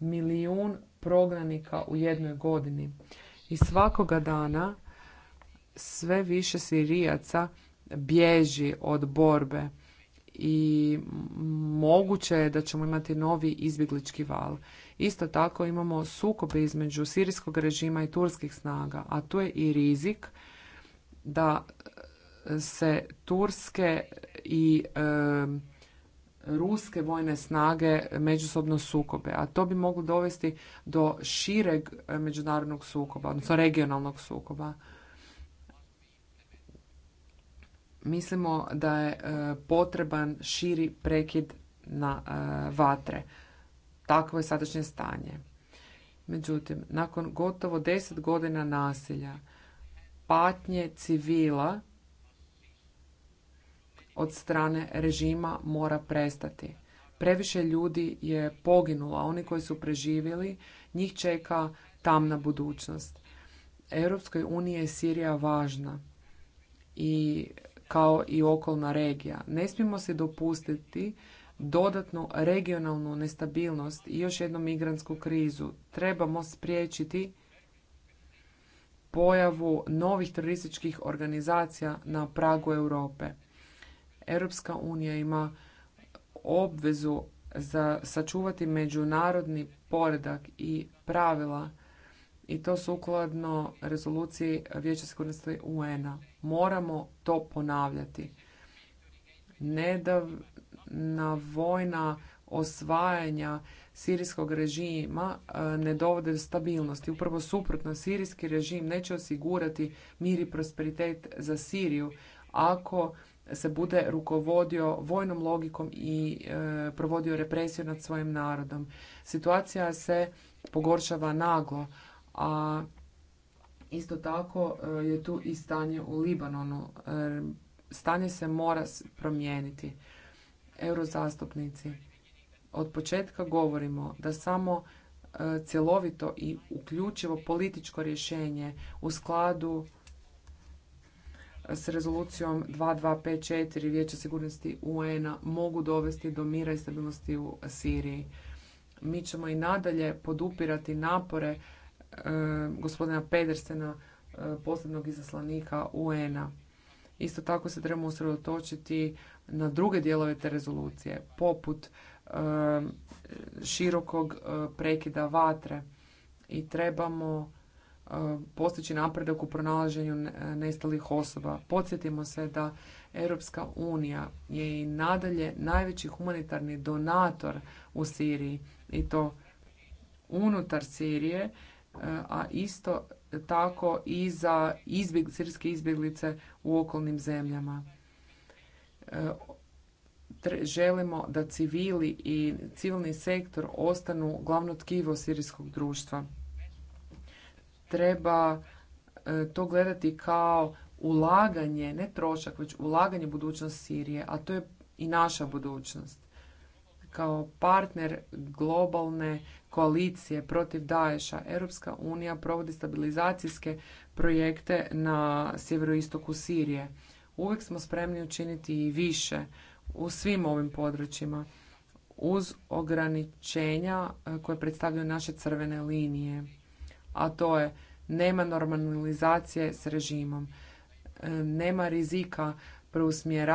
milijun prognanika u jednoj godini. I svakoga dana sve više Sirijaca bježi od borbe i moguće je da ćemo imati novi izbjeglički val. Isto tako imamo sukobe između sirijskog režima i turskih snaga, a tu je i rizik da se turske i ruske vojne snage međusobno sukobe, a to bi moglo dovesti do šireg eh, međunarodnog sukoba, odnosno regionalnog sukoba. mislimo da je e, potreban širi prekid na e, vatre. Takvo je sadašnje stanje. Međutim, nakon gotovo deset godina nasilja, patnje civila od strane režima mora prestati. Previše ljudi je poginulo, oni koji su preživjeli, njih čeka tamna budućnost. Europskoj uniji je Sirija važna i kao i okolna regija. Ne smijemo se dopustiti dodatnu regionalnu nestabilnost i još jednu migrantsku krizu. Trebamo spriječiti pojavu novih turističkih organizacija na pragu Europe. Europska unija ima obvezu za sačuvati međunarodni poredak i pravila i to sukladno rezoluciji Vijeća sigurnosti UN-a. Moramo to ponavljati. Nedavna vojna osvajanja sirijskog režima e, ne dovode do stabilnosti. Upravo suprotno, sirijski režim neće osigurati mir i prosperitet za Siriju ako se bude rukovodio vojnom logikom i e, provodio represiju nad svojim narodom. Situacija se pogoršava naglo, a isto tako e, je tu i stanje u Libanonu. E, stanje se mora promijeniti. Eurozastupnici, od početka govorimo da samo e, cjelovito i uključivo političko rješenje u skladu s rezolucijom 2254 Vijeća sigurnosti UN-a mogu dovesti do mira i stabilnosti u Siriji. Mi ćemo i nadalje podupirati napore Eh, gospodina Pedersena, eh, posebnog izaslanika UN-a. Isto tako se trebamo usredotočiti na druge dijelove te rezolucije, poput eh, širokog prekida vatre i trebamo postići napredak u pronalaženju nestalih osoba. Podsjetimo se da Europska unija je i nadalje najveći humanitarni donator u Siriji i to unutar Sirije E, a isto tako i za izbjeg, sirske izbjeglice u okolnim zemljama. E, želimo da civili i civilni sektor ostanu glavno tkivo sirijskog društva. Treba e, to gledati kao ulaganje, ne trošak, već ulaganje budućnost Sirije, a to je i naša budućnost. Kao partner globalne koalicije protiv Daesha. Europska unija provodi stabilizacijske projekte na sjeveroistoku Sirije. Uvijek smo spremni učiniti i više u svim ovim područjima uz ograničenja e, koje predstavljaju naše crvene linije. A to je nema normalizacije s režimom, e, nema rizika preusmjera